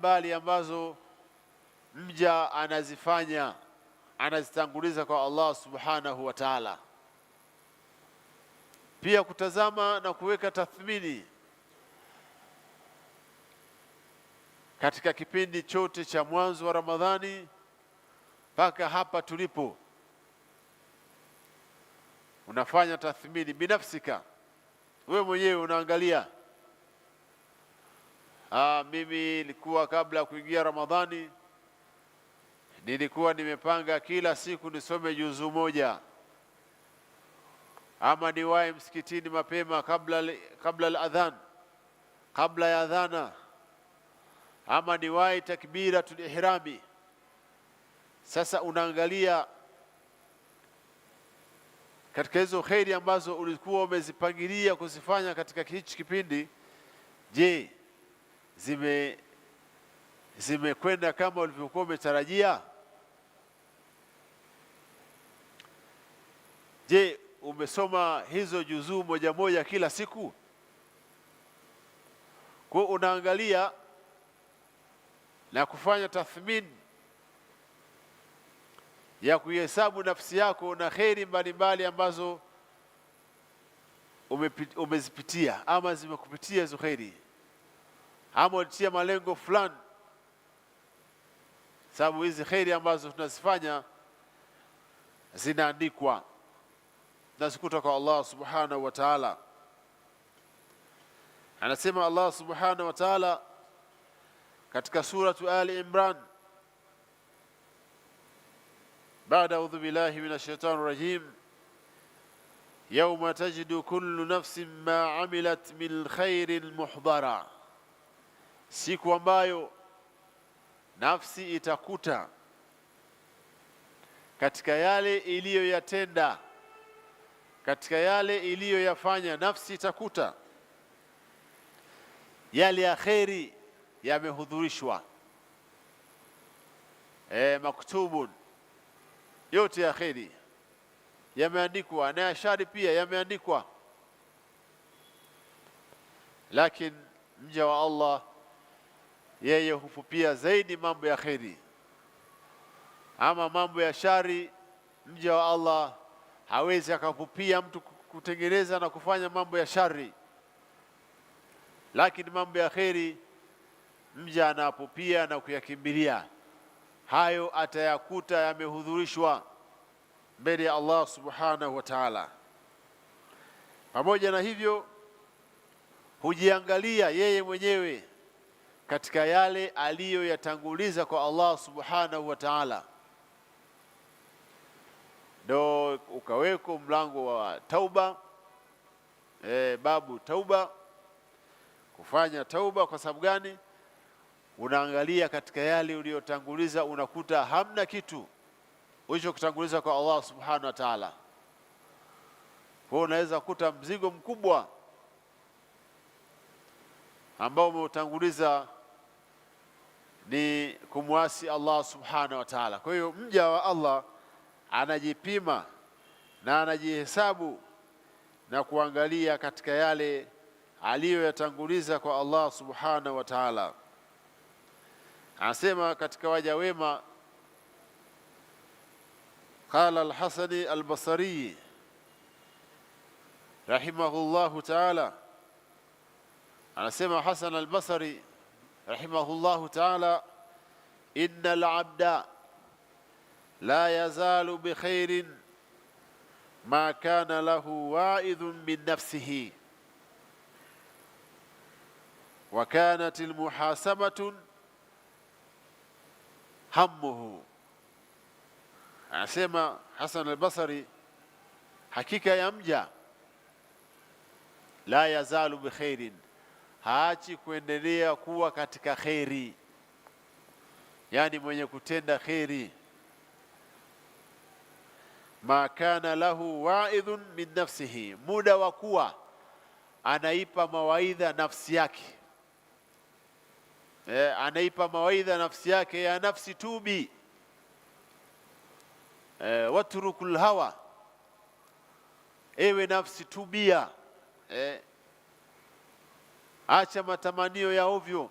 mbali ambazo mja anazifanya anazitanguliza kwa Allah subhanahu wa ta'ala, pia kutazama na kuweka tathmini katika kipindi chote cha mwanzo wa Ramadhani mpaka hapa tulipo, unafanya tathmini binafsika, wewe mwenyewe unaangalia Aa, ah, mimi ilikuwa kabla ya kuingia Ramadhani nilikuwa nimepanga kila siku nisome juzu moja ama niwahi msikitini mapema kabla kabla al-adhan, kabla ya adhana ama niwahi takbiratul ihrami. Sasa unaangalia katika hizo kheri ambazo ulikuwa umezipangilia kuzifanya katika hichi kipindi, je zime zimekwenda kama ulivyokuwa umetarajia? Je, umesoma hizo juzuu moja moja kila siku? Kwa unaangalia na kufanya tathmini ya kuhesabu nafsi yako na kheri mbalimbali ambazo umezipitia ama zimekupitia hizo kheri ama ulitia malengo fulani, sababu hizi kheri ambazo tunazifanya zinaandikwa nasi kwa Allah subhanahu wa ta'ala. Anasema Allah subhanahu wa ta'ala katika suratu Ali Imran, baada audhu billahi minash shaitani rajim yauma tajidu kullu nafsin ma amilat min khairin muhdara siku ambayo nafsi itakuta katika yale iliyoyatenda, katika yale iliyoyafanya, nafsi itakuta yale ya kheri yamehudhurishwa, e, maktubun yote ya kheri yameandikwa, na ya shari pia yameandikwa, lakini mja wa Allah yeye hufupia zaidi mambo ya kheri. Ama mambo ya shari, mja wa Allah hawezi akafupia mtu kutengeneza na kufanya mambo ya shari, lakini mambo ya kheri mja anapupia na kuyakimbilia hayo, atayakuta yamehudhurishwa mbele ya Allah subhanahu wa ta'ala. Pamoja na hivyo, hujiangalia yeye mwenyewe katika yale aliyoyatanguliza kwa Allah subhanahu wa ta'ala, ndo ukaweko mlango wa tauba e, babu tauba, kufanya tauba. Kwa sababu gani? Unaangalia katika yale uliyotanguliza, unakuta hamna kitu ulichokitanguliza kwa Allah subhanahu wa ta'ala. Kwa hiyo unaweza kukuta mzigo mkubwa ambao umeutanguliza ni kumwasi Allah subhanahu wa taala. Kwa hiyo mja wa Allah anajipima na anajihesabu na kuangalia katika yale aliyoyatanguliza kwa Allah subhanahu wa taala. Anasema katika waja wema, qala Alhasani Albasari rahimahullahu taala, anasema Hasan Albasari رحمه الله تعالى إن العبد لا يزال بخير ما كان له واعظ من نفسه وكانت المحاسبة همه أسمى حسن البصري حكيك يمجى لا يزال بخير haachi kuendelea kuwa katika kheri, yani mwenye kutenda kheri. Ma kana lahu waidhun min nafsihi, muda wa kuwa anaipa mawaidha nafsi yake e, anaipa mawaidha nafsi yake ya nafsi tubi e, watrukul hawa, ewe nafsi tubia e, acha matamanio ya ovyo.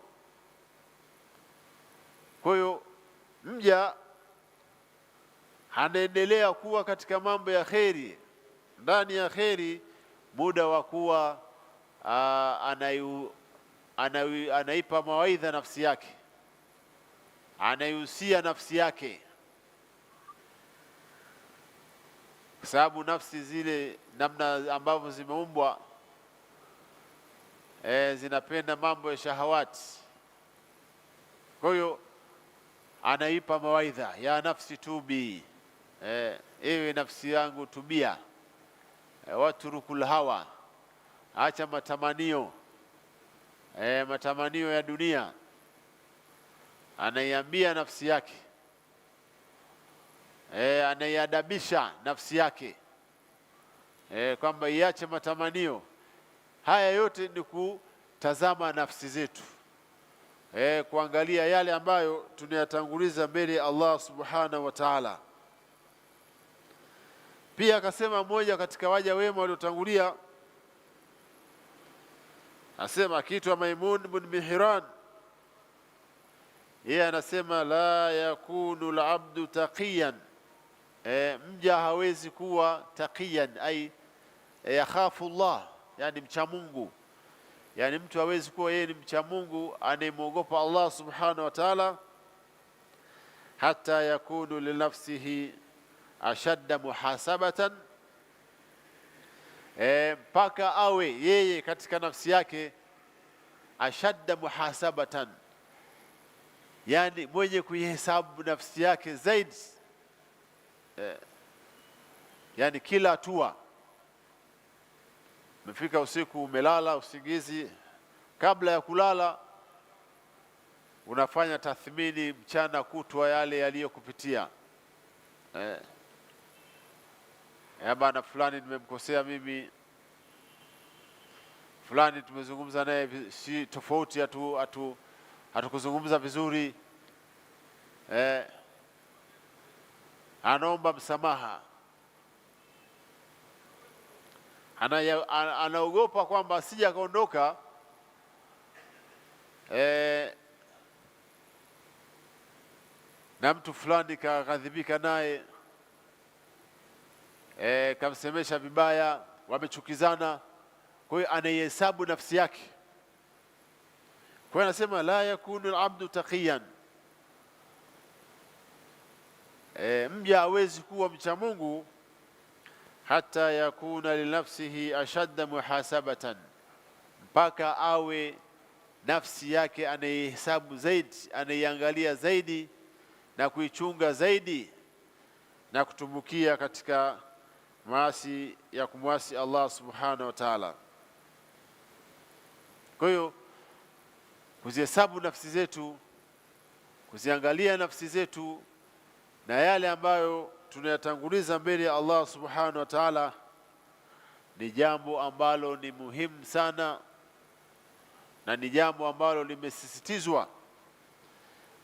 Kwa hiyo mja anaendelea kuwa katika mambo ya kheri, ndani ya kheri, muda wa kuwa anaipa mawaidha nafsi yake, anaihusia nafsi yake, kwa sababu nafsi zile, namna ambavyo zimeumbwa e, zinapenda mambo ya shahawati. Kwa hiyo anaipa mawaidha ya nafsi tubi, e, ewe nafsi yangu tubia, e, eh, waturukul hawa, acha matamanio e, matamanio ya dunia. Anaiambia nafsi yake e, anaiadabisha nafsi yake e, kwamba iache matamanio Haya yote ni kutazama nafsi zetu e, kuangalia yale ambayo tunayatanguliza mbele ya Allah subhanahu wa ta'ala. Pia akasema mmoja katika waja wema waliotangulia asema akiitwa Maimun bin Mihran, yeye anasema la yakunu labdu taqiyan e, mja hawezi kuwa taqiyan ai e, yakhafu Allah yani mcha Mungu, yani mtu hawezi kuwa yeye ni mcha Mungu anayemwogopa Allah subhanahu wa ta'ala, hata yakunu linafsihi ashadda muhasabatan, e, mpaka e, awe yeye katika nafsi yake ashadda muhasabatan, yani mwenye kuihesabu nafsi yake zaidi e, yani kila hatua umefika usiku, umelala usingizi. Kabla ya kulala, unafanya tathmini mchana kutwa yale yaliyokupitia eh. Ya bana fulani nimemkosea mimi, fulani tumezungumza naye si tofauti, hatukuzungumza hatu vizuri eh. Anaomba msamaha anaogopa kwamba asije akaondoka e, na mtu fulani kaghadhibika naye e, kamsemesha vibaya, wamechukizana. Kwa hiyo anaihesabu nafsi yake. Kwa hiyo anasema la yakunu alabdu taqiyan e, mja hawezi kuwa mcha Mungu hata yakuna linafsihi ashadda muhasabatan, mpaka awe nafsi yake anaihesabu zaidi, anaiangalia zaidi na kuichunga zaidi na kutumbukia katika maasi ya kumwasi Allah subhanahu wa ta'ala. Kwa hiyo kuzihesabu nafsi zetu, kuziangalia nafsi zetu na yale ambayo tunayatanguliza mbele ya Allah subhanahu wa ta'ala ni jambo ambalo ni muhimu sana na ni jambo ambalo limesisitizwa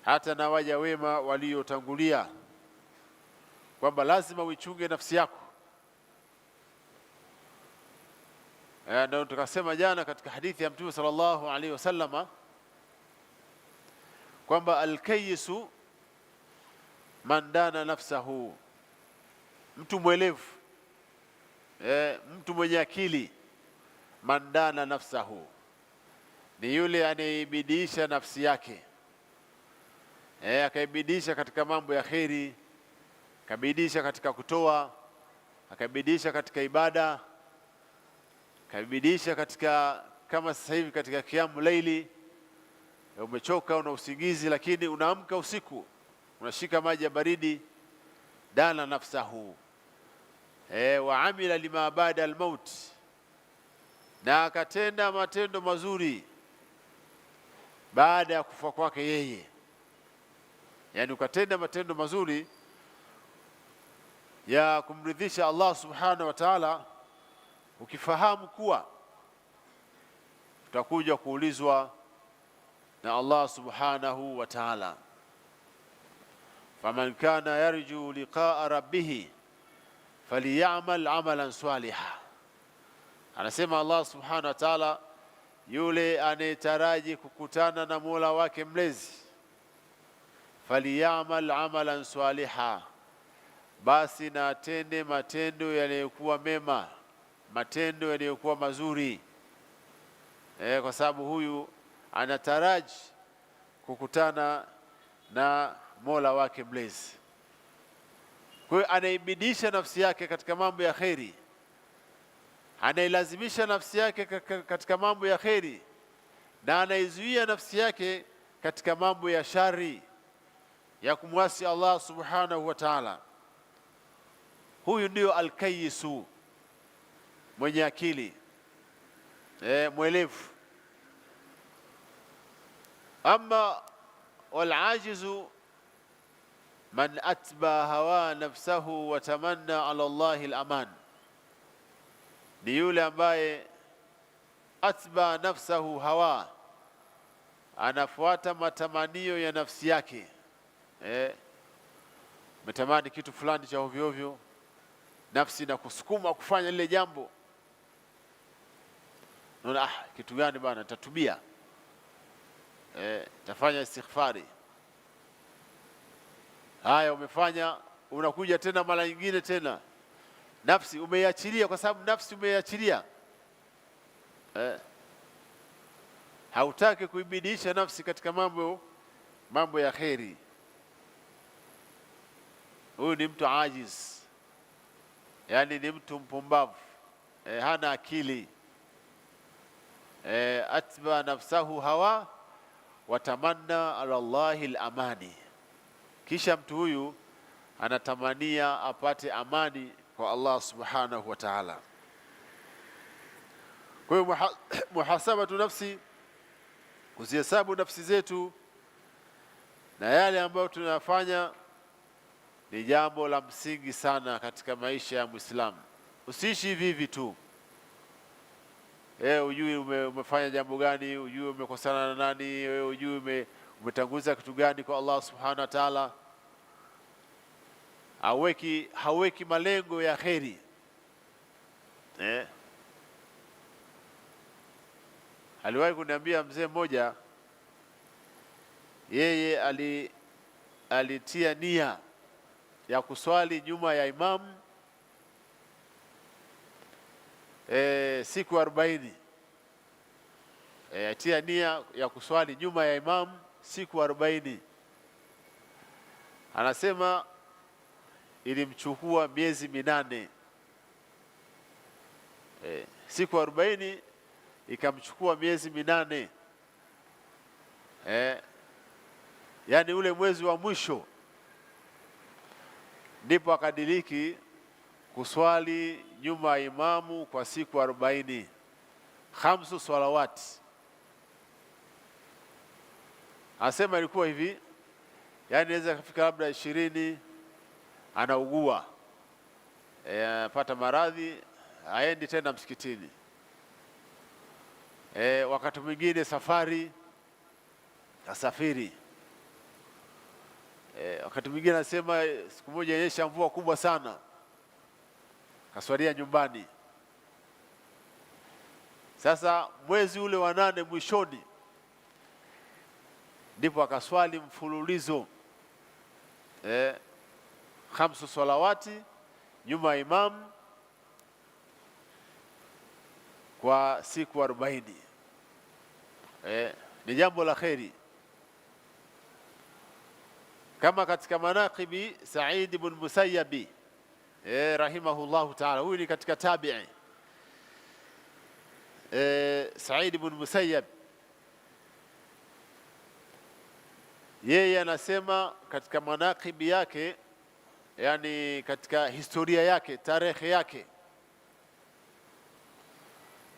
hata na waja wema waliotangulia kwamba lazima uichunge nafsi yako. E, eh, na tukasema jana katika hadithi ya Mtume sallallahu alaihi wasallama kwamba alkayisu man dana nafsahu mtu mwelevu e, mtu mwenye akili. mandana dana nafsahu, ni yule anayeibidiisha nafsi yake e, eh, akaibidiisha katika mambo ya kheri, akabidiisha katika kutoa, akabidisha katika ibada, akabidiisha katika kama sasa hivi katika kiamu laili. Umechoka, una usingizi, lakini unaamka usiku unashika maji ya baridi. Dana nafsahu e, wa amila lima baada almaut, na akatenda matendo mazuri baada ya kufa kwake yeye. Yani ukatenda matendo mazuri ya kumridhisha Allah subhanahu wa taala, ukifahamu kuwa utakuja kuulizwa na Allah subhanahu wa taala. faman kana yarju liqaa rabbihi falyamal amalan swaliha, anasema Allah subhanahu wa ta'ala, yule anayetaraji kukutana na Mola wake mlezi, falyamal amalan saliha basi na atende matendo yanayokuwa mema, matendo yanayokuwa mazuri e, kwa sababu huyu anataraji kukutana na Mola wake mlezi. Kwa hiyo anaibidisha nafsi yake katika mambo ya kheri, anailazimisha nafsi yake katika mambo ya kheri, na anaizuia nafsi yake katika mambo ya shari ya kumwasi Allah subhanahu wa ta'ala. Huyu ndio alkayisu, mwenye akili e, mwelevu. Ama walajizu man atba hawa nafsahu watamanna ala llahi laman, ni yule ambaye atba nafsahu hawa, anafuata matamanio ya nafsi yake. Eh, umetamani kitu fulani cha ovyo ovyo, nafsi kusukuma kufanya lile jambo, naona ah, kitu gani bana, tatubia eh, tafanya istighfari Haya, umefanya unakuja tena mara nyingine tena, nafsi umeiachilia, kwa sababu nafsi umeiachilia eh. Hautaki kuibidisha nafsi katika mambo mambo ya kheri. Huyu ni mtu ajiz, yaani ni mtu mpumbavu eh, hana akili eh, atba nafsahu hawa watamanna ala llahi al-amani kisha mtu huyu anatamania apate amani kwa Allah subhanahu wa ta'ala. Kwa hiyo muhasabatu nafsi, kuzihesabu nafsi zetu na yale ambayo tunayafanya ni jambo la msingi sana katika maisha ya Muislamu. Usiishi hivi hivi tu e, eh, ujui ume, umefanya jambo gani, ujui umekosana na nani, ujui ume umetanguliza kitu gani kwa Allah subhanahu wa ta'ala. Haweki, haweki malengo ya kheri eh. Aliwahi kuniambia mzee mmoja, yeye ali, alitia nia ya kuswali nyuma ya imamu e, eh, siku arobaini e, atia nia ya kuswali nyuma ya imamu siku arobaini. Anasema ilimchukua miezi minane e, siku arobaini ikamchukua miezi minane e, yaani ule mwezi wa mwisho ndipo akadiriki kuswali nyuma ya imamu kwa siku arobaini, khamsu salawati Anasema ilikuwa hivi, yaani naweza kafika labda ishirini, anaugua e, anapata e, maradhi aendi tena msikitini e, wakati mwingine safari asafiri e, wakati mwingine anasema siku moja inyesha mvua kubwa sana kaswalia nyumbani. Sasa mwezi ule wa nane mwishoni ndipo akaswali mfululizo eh, khamsu salawati nyuma ya imamu kwa siku arobaini. Eh, ni jambo la kheri kama katika manaqibi Said ibn Musayyabi eh, rahimahullahu taala. Huyu ni katika tabi'i eh, Said ibn Musayyab yeye anasema katika manakibi yake, yani katika historia yake, tarehe yake,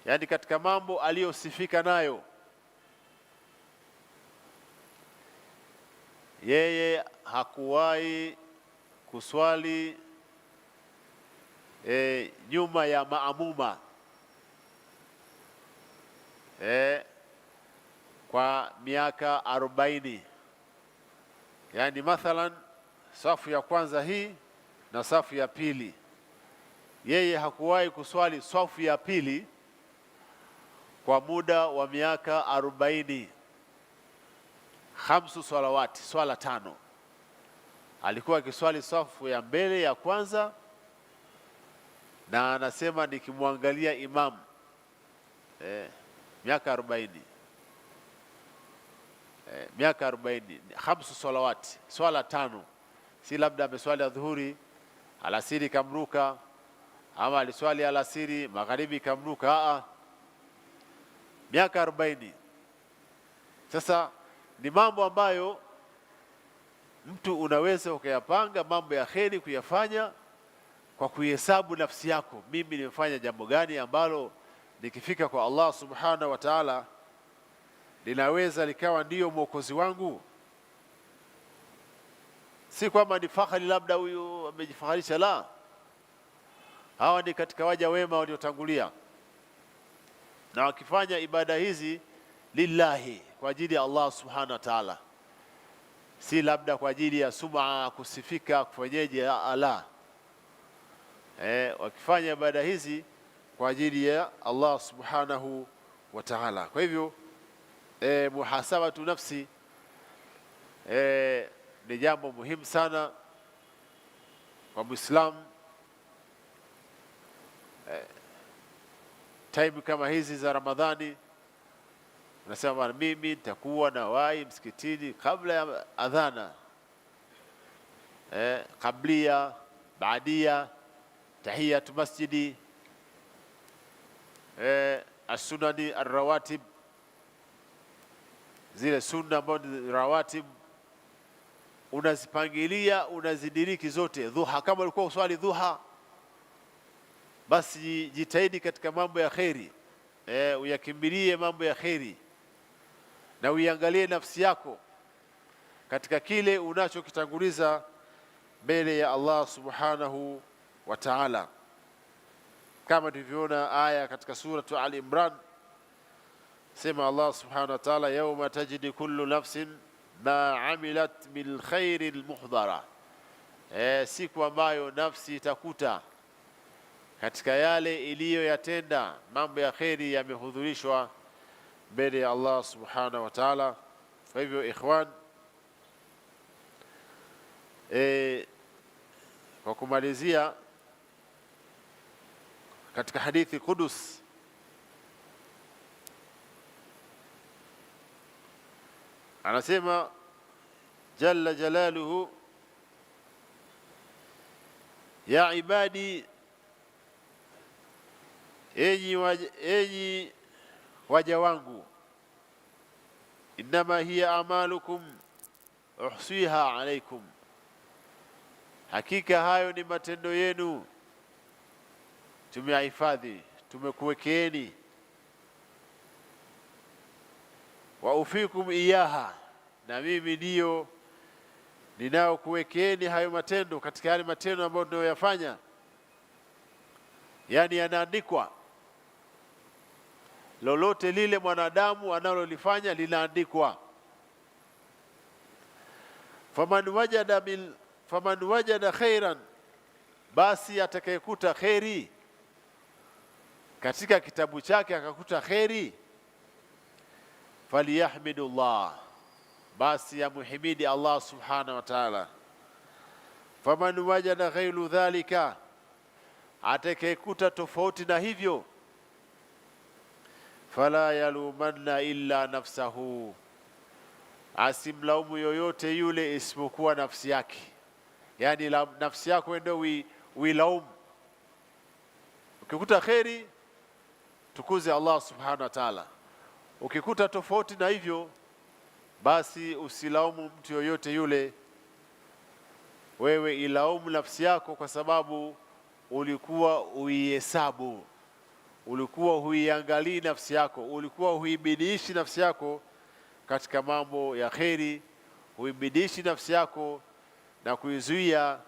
yani katika mambo aliyosifika nayo yeye hakuwahi kuswali e, nyuma ya maamuma e, kwa miaka arobaini yaani mathalan safu ya kwanza hii na safu ya pili, yeye hakuwahi kuswali safu ya pili kwa muda wa miaka arobaini hamsu salawati, swala tano. Alikuwa akiswali safu ya mbele ya kwanza, na anasema nikimwangalia imamu eh, miaka arobaini eh, miaka 40 hamsu salawati, swala tano, si labda ameswali adhuhuri alasiri kamruka, ama aliswali alasiri magharibi kamruka. Aa, miaka 40. Sasa ni mambo ambayo mtu unaweza ukayapanga mambo ya kheri kuyafanya kwa kuihesabu nafsi yako, mimi nimefanya jambo gani ambalo nikifika kwa Allah subhanahu wa ta'ala linaweza likawa ndiyo mwokozi wangu? Si kwamba ni fahari, labda huyu amejifaharisha. La, hawa ni katika waja wema waliotangulia, na wakifanya ibada hizi lillahi, kwa ajili ya Allah subhanahu wa ta'ala, si labda kwa ajili ya suma, kusifika, kufanyeje. Ala, eh, wakifanya ibada hizi kwa ajili ya Allah subhanahu wa ta'ala, kwa hivyo e, muhasabatu nafsi e, ni jambo muhimu sana kwa muislam e, taimu kama hizi za Ramadhani nasema mimi nitakuwa na wai msikitini kabla ya adhana e, kablia baadia tahiyatu masjidi e, asunani arrawatib zile sunna ambazo ni rawatib unazipangilia unazidiriki zote. Dhuha, kama ulikuwa uswali dhuha, basi jitahidi katika mambo ya kheri e, uyakimbilie mambo ya kheri na uiangalie nafsi yako katika kile unachokitanguliza mbele ya Allah subhanahu wa ta'ala, kama tulivyoona aya katika suratu al Imran Sema Allah subhanahu wa ta'ala, yauma tajidi kullu nafsin ma amilat min khairin muhdara e, siku ambayo nafsi itakuta katika yale iliyoyatenda mambo ya kheri yamehudhurishwa mbele ya Allah subhanahu wa ta'ala. Kwa hivyo ikhwan, e, kwa kumalizia katika hadithi kudus Anasema jalla jalaluhu, ya ibadi, enyi waja, enyi waja wangu, innama hiya amalukum uhsiha alaikum, hakika hayo ni matendo yenu tumeyahifadhi, tumekuwekeeni wa ufikum iyaha, na mimi ndiyo ninayokuwekeeni hayo matendo katika yale matendo ambayo tunayoyafanya, yaani yanaandikwa. Lolote lile mwanadamu analolifanya linaandikwa. faman wajada bil faman wajada khairan, basi atakayekuta kheri katika kitabu chake akakuta kheri falyahmidu llah, basi amuhimidi Allah subhanahu wa taala. Faman wajada ghairu dhalika, atakayekuta tofauti na hivyo, fala yalumanna illa nafsahu, asimlaumu yoyote yule isipokuwa nafsi yake. Yani la, nafsi yako ndio uilaumu. Ukikuta kheri, tukuze Allah subhanahu wa taala Ukikuta tofauti na hivyo, basi usilaumu mtu yoyote yule, wewe ilaumu nafsi yako, kwa sababu ulikuwa uihesabu ulikuwa huiangalii nafsi yako, ulikuwa huibidiishi nafsi yako katika mambo ya kheri, huibidiishi nafsi yako na kuizuia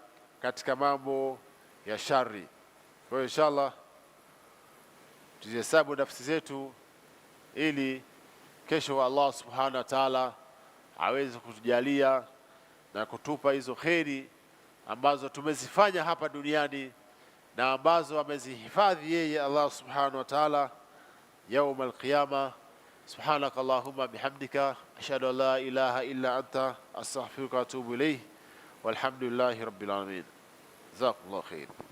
katika mambo ya shari. Kwa hiyo inshallah tuzihesabu nafsi zetu ili kesho Allah subhanahu wa taala aweze kutujalia na kutupa hizo kheri ambazo tumezifanya hapa duniani na ambazo amezihifadhi yeye Allah subhanahu wa taala yauma alqiyama. Subhanaka allahumma bihamdika ashhadu an la ilaha illa anta astaghfiruka wa atubu ilayh walhamdulillahi rabbil alamin. Jazakumullahu khair.